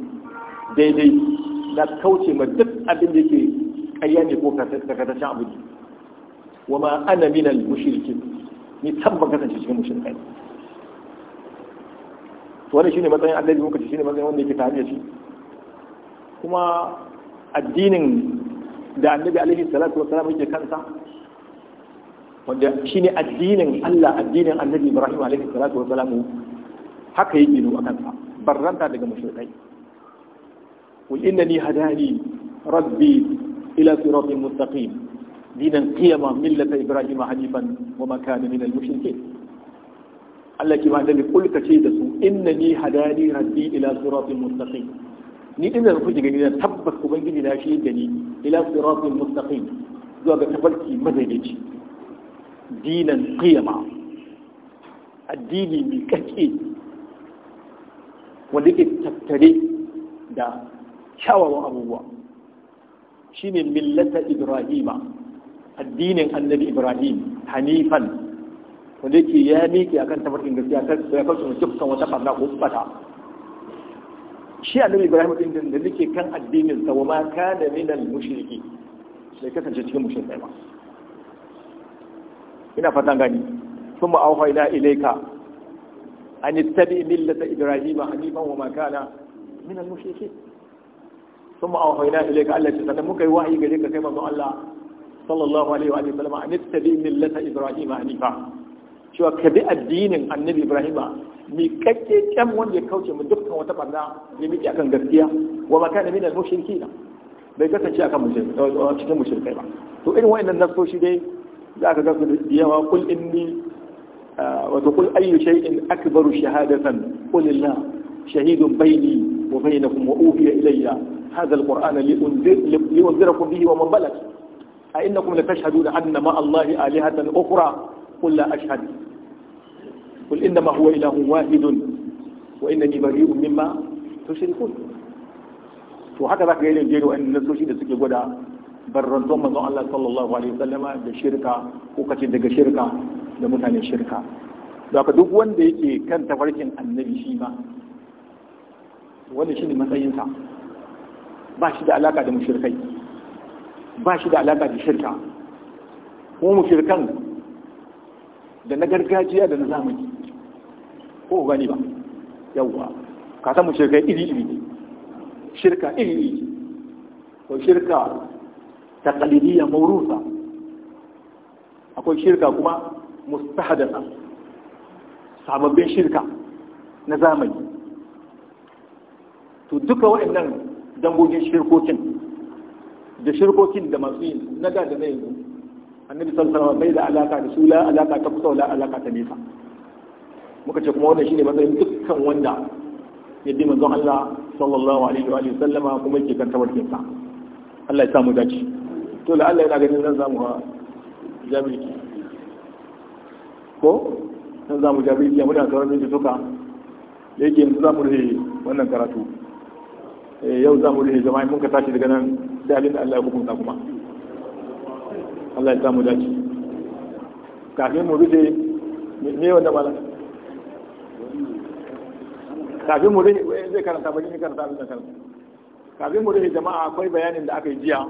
daidai na kauce ma duk abin da ke ƙarya ne ko kasashen abu ne wa ma ana mina mushirki mushrikin ni tabbar kasance cikin mushrikai to shi shine matsayin allai muka shi shine matsayin wanda yake tare da shi kuma addinin da annabi alaihi salatu wasalam yake kansa wanda shine addinin Allah addinin annabi Ibrahim alaihi salatu wasalam haka yake nuna kansa barranta daga mushrikai qul innani hadani rabbi ila siratin mustaqim dinan qiyama millata ibrahim hanifan wa ma kana minal mushrikeen Allah ki ba da kulka ce da su ni hadani rabbi ila siratin mustaqim ni din da kuke gani na tabbas ubangiji na shi gani ni ila siratin mustaqim zuwa ga tafarki madaidaici dinan qiyama addini mai kake wanda ke tattare da kyawawan abubuwa shine millata ibrahima addinin annabi ibrahim hanifan wanda yake ya miƙe akan tafarkin gaskiya kan ya kasu dukkan wata barna ko bata shi annabi ibrahim din da yake kan addinin sa wa ma kana min al mushriki sai kasance cikin mushrikai ba ina fatan gani kuma auha ila ilaika أن ittabi ملة إبراهيم hanifan وما كان من min ثم أوحينا إليك ألا ilayka alla tasanna كما yi الله صلى ka kai وآله Allah sallallahu alaihi ملة إبراهيم an ittabi millata ibrahima النبي إبراهيم addinin annabi ibrahima mi kakke kyan wanda ya kauce mu dukkan wata barna ya miƙe akan gaskiya wa ma kana bai kasance akan cikin mushrikai ba to irin wa'annan nasoshi dai za ka ga da yawa kul inni آه، وتقول أي شيء أكبر شهادة قل الله شهيد بيني وبينكم وأوفي إلي هذا القرآن لأنذر لأنذركم به ومن بلغ أئنكم لتشهدون أن مع الله آلهة أخرى قل لا أشهد قل إنما هو إله واحد وإنني بريء مما تشركون وهكذا قال الجيل أن نسوشي نسكي قدا برنتم من الله صلى الله عليه وسلم بشركة وكتن دقى شركة da mutane shirka haka duk wanda yake kan tafarkin annabi shi ma wanda shi ne matsayinsa ba shi da alaka da mushirkai ba shi da alaka da shirka kuma mushirkan da na gargajiya da na zamani ko gani ba yawwa ka san mushirkai iri iri ne shirka iri iri ko shirka ta kaliliya maurusa akwai shirka kuma mustahadatha sababbin shirka na zamani to duka waɗannan dangogin shirkokin da shirkokin da masu yin na da da na yanzu annabi sallallahu alaihi bai da alaka da su la alaka ta kusa la alaka ta nesa muka ce kuma wannan shine matsayin dukkan wanda ya bi manzon Allah sallallahu alaihi wa sallama kuma yake kan tabarkin sa Allah ya samu dace to la Allah yana ganin nan zamu ha jami'i ko nan za mu ja bidiyo muna sauran minti suka da yake yanzu za mu rufe wannan karatu eh, yau za mu rufe jama'a mun ka tashi daga nan da da Allah ya hukunta kuma Allah ya samu dace kafin mu rufe ne wanda malam kafin mu rufe eh, zai karanta ba ne karanta abin da karanta kafin mu rufe jama'a akwai bayanin da aka yi jiya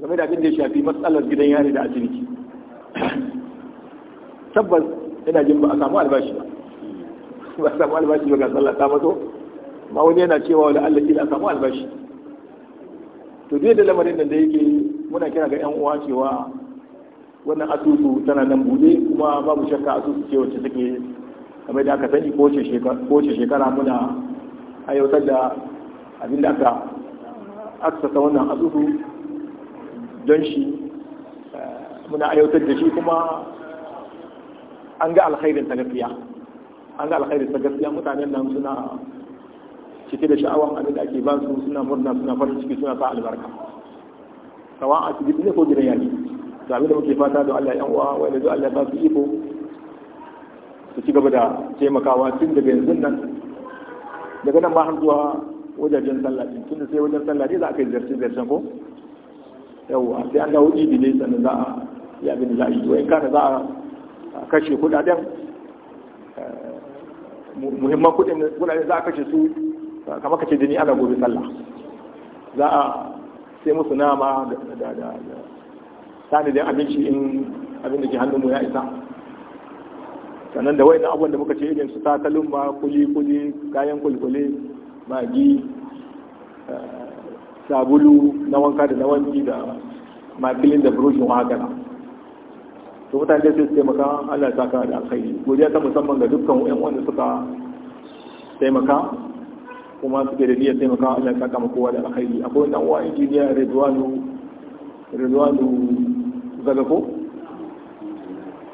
game da abin da ya shafi matsalar gidan yari da ajinki tabbas yana jin ba a samu albashi ba ba a samu albashi ba ga sallah ta mato ma wani yana cewa wani Allah kila a samu albashi to duk da lamarin nan da yake muna kira ga yan uwa cewa wannan asusu tana nan bude kuma babu shakka asusu ce wacce take kamar da aka sani ko ce shekara muna ayyautar da abin da aka aksasa wannan asusu don shi eh, muna ayyautar da shi kuma an ga alkhairin ta gaskiya an ga alkhairin ta gaskiya mutanen nan suna cike da sha'awar abin da ake ba su suna murna suna farin ciki suna sa albarka sawa a cikin ne ko gidan yaki to abin da muke fata da Allah yan uwa wai da Allah ba su iko su ci gaba da taimakawa tun daga yanzu nan daga nan ba har zuwa wajajen sallah din tun da sai wajen sallah dai za a kai zarce zarcen ko yawwa sai an dawo idi ne sannan za a yi abin da za a yi wai kana za a kashe kudaden eh, muhimman kudaden za a kashe su kama kashe jini ana gobe sallah za a sai musu nama da sanadin abinci in abin da ke mu ya isa sannan da wayan abubuwan da muka ce irin su takalin ba kuli kuli kayan kulkule magi eh, sabulu na wanka da na wanki da makilin da burushin wakana to mutane da su taimaka Allah ya kawo da alkhairi godiya ta musamman ga dukkan ƴan wanda suka taimaka kuma suke da niyyar taimaka Allah ya kawo mu kowa da alkhairi akwai wani uwa injiniya Ridwanu Ridwanu Zaga ko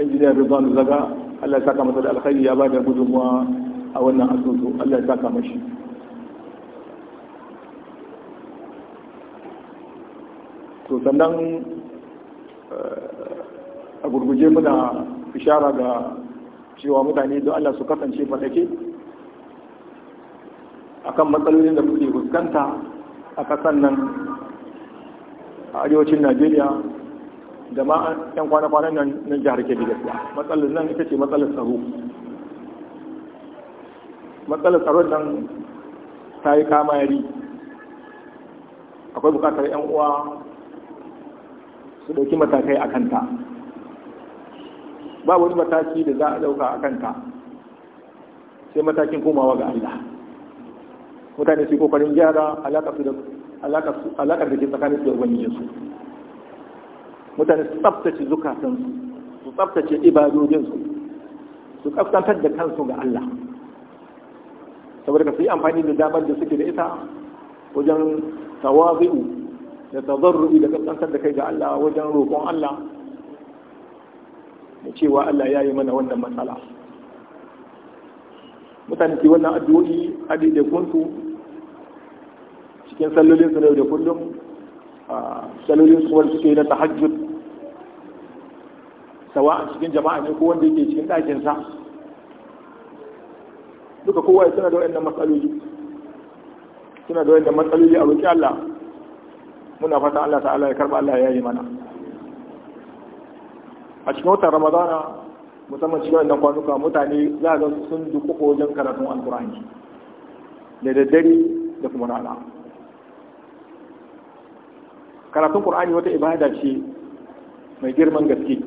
injiniya Ridwanu Zaga Allah ya kawo masa da alkhairi ya ba da gudunmuwa a wannan asusu Allah ya kawo mashi to sannan eh, a gurguje mu da ishara ga cewa mutane don Allah su kasance fadake akan matsalolin da kuke fuskanta a kasan nan a arewacin Najeriya da ma yan kwana-kwanan nan na jihar Kebbi gaskiya Matsalolin nan ita ce matsalar tsaro matsalar tsaron nan ta yi kamari akwai bukatar 'yan uwa su ɗauki matakai a kanta ba wani mataki da za a ɗauka a kanta sai matakin komawa ga Allah mutane su kokarin gyara alakar da ke tsakanin su da ubangijinsu mutane su tsabtace zukatansu su tsabtace ibadojinsu su tsabtantar da kansu ga Allah saboda ka su yi amfani da damar da suke da ita wajen tawazi'u da tazarru'i da tsabtantar da kai ga Allah wajen roƙon Allah da cewa Allah ya yi mana wannan matsala mutane ke wannan addu'o'i a kuntu cikin sallolin su da kullum a sallolin su wani suke na tahajjud sawa a cikin jama'a ne ko wanda yake cikin ɗakinsa duka kowa ya suna da wayannan matsaloli suna da wayannan matsaloli a roƙi Allah muna fata Allah ta'ala ya karba Allah ya yi mana a cikin watan ramadana musamman cikin wannan kwanuka mutane za a ga sun dukuko wajen karatun alkur'ani da daddare da kuma rana karatun kur'ani wata ibada ce mai girman gaske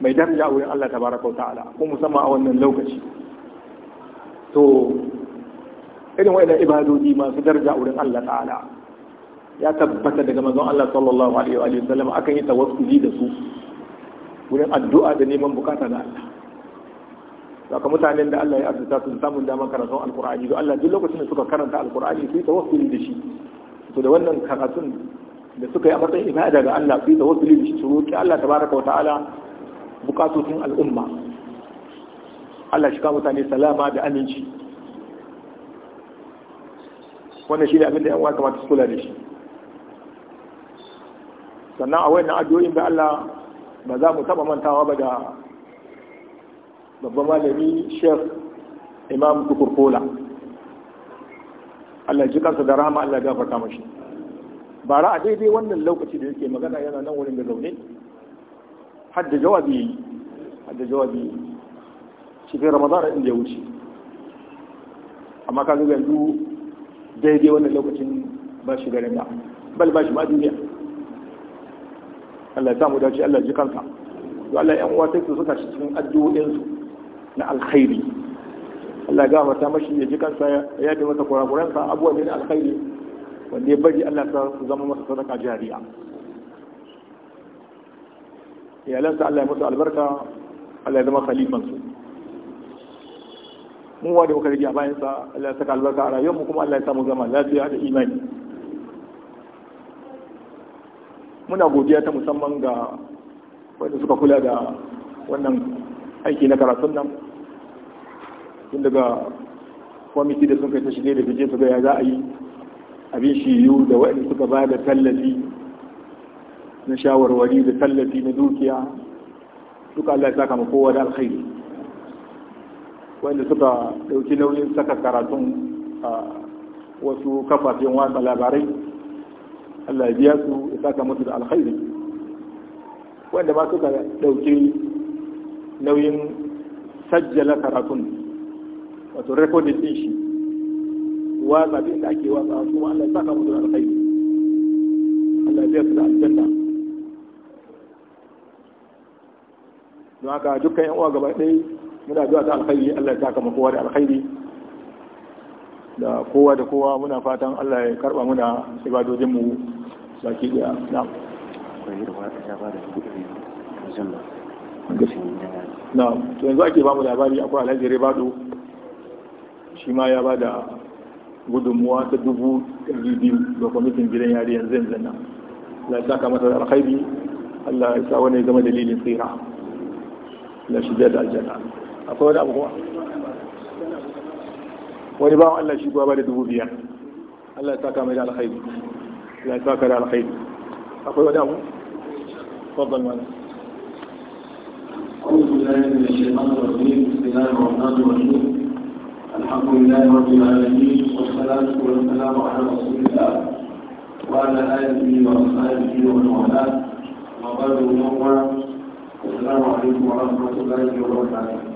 mai daraja wurin Allah tabaraka wa ta'ala ko musamman a wannan lokaci to irin wa'annan ibadodi masu daraja wurin Allah ta'ala ya tabbata daga manzon Allah sallallahu alaihi wa sallam akan yi tawassuli da su wurin addu'a da neman bukata da Allah saka mutanen da Allah ya arzuta sun samu damar karatun alkur'ani to Allah duk lokacin da suka karanta alkur'ani su yi tawassuli da shi to da wannan karatun da suka yi a matsayin ibada ga Allah su yi tawassuli da shi su roki Allah tabaraka ta'ala bukatocin al'umma Allah shi ka mutane salama da aminci wannan shi ne abin da yan uwa kamata su kula da shi sannan a wayan addu'o'in da Allah ba za mu taba mantawa ba da babban malami Sheikh Imam Tukurkola Allah ji kansa da rahama Allah gafarta mashi bara a daidai wannan lokaci da yake magana yana nan wurin da zaune har da jawabi har da jawabi yayi cikin Ramadan inda ya wuce amma ga yanzu daidai wannan lokacin ba shi garin ba bal ba shi ma duniya Allah ya samu dace Allah ya ji kansa to Allah ya uwa sai su suka shi cikin addu'o'in su na alkhairi Allah ya gafarta mashi ya ji kansa ya yafe masa kurakuran sa abuwa ne na alkhairi wanda ya bari Allah ta su zama masa sadaka jariya sa Allah ya musu albarka Allah ya zama khalifan su mu wa da muka rige a bayan sa Allah ya saka albarka a rayuwar mu kuma Allah ya samu zama lafiya da imani muna godiya ta musamman ga wanda suka kula da wannan aiki na karatun nan tun daga kwamiti da sun kai ta shige da fice su gaya za a yi abin shi yiwu da waɗanda suka ba da tallafi na shawarwari da tallafi na dukiya duka Allah ya saka ma kowa da alkhairi wanda suka ɗauki nauyin saka karatun a wasu kafafen watsa labarai Allah ya biya su ya saka musu da alkhairi wanda ba suka ɗauki nauyin sajjala karatun wato recording din shi watsa din da ake watsa kuma Allah ya saka musu da alkhairi Allah ya biya su da aljanna don haka dukkan yan uwa gaba ɗaya muna zuwa ta alkhairi Allah ya saka muku wa da alkhairi da kowa da kowa muna fatan Allah ya karba muna ibadojin mu baki daya na'am na to yanzu ake mu labari akwai Alhaji Rebado shi ma ya bada gudunmuwa ta dubu ɗari biyu ga kwamitin gidan yari yanzu yanzu nan La ta saka masa alkhairi Allah ya sa wani zama dalilin tsira La shi da aljanna akwai wani abu kuma wani bawan Allah shi kuwa ba الله dubu biyar Allah ya saka mai da alkhairi Allah ya saka da alkhairi akwai أعوذ بالله من الشيطان الرجيم بسم الله الرحمن الرحيم الحمد لله رب العالمين والصلاة والسلام على رسول الله وعلى آله وأصحابه ومن والاه وبعد السلام عليكم ورحمة الله وبركاته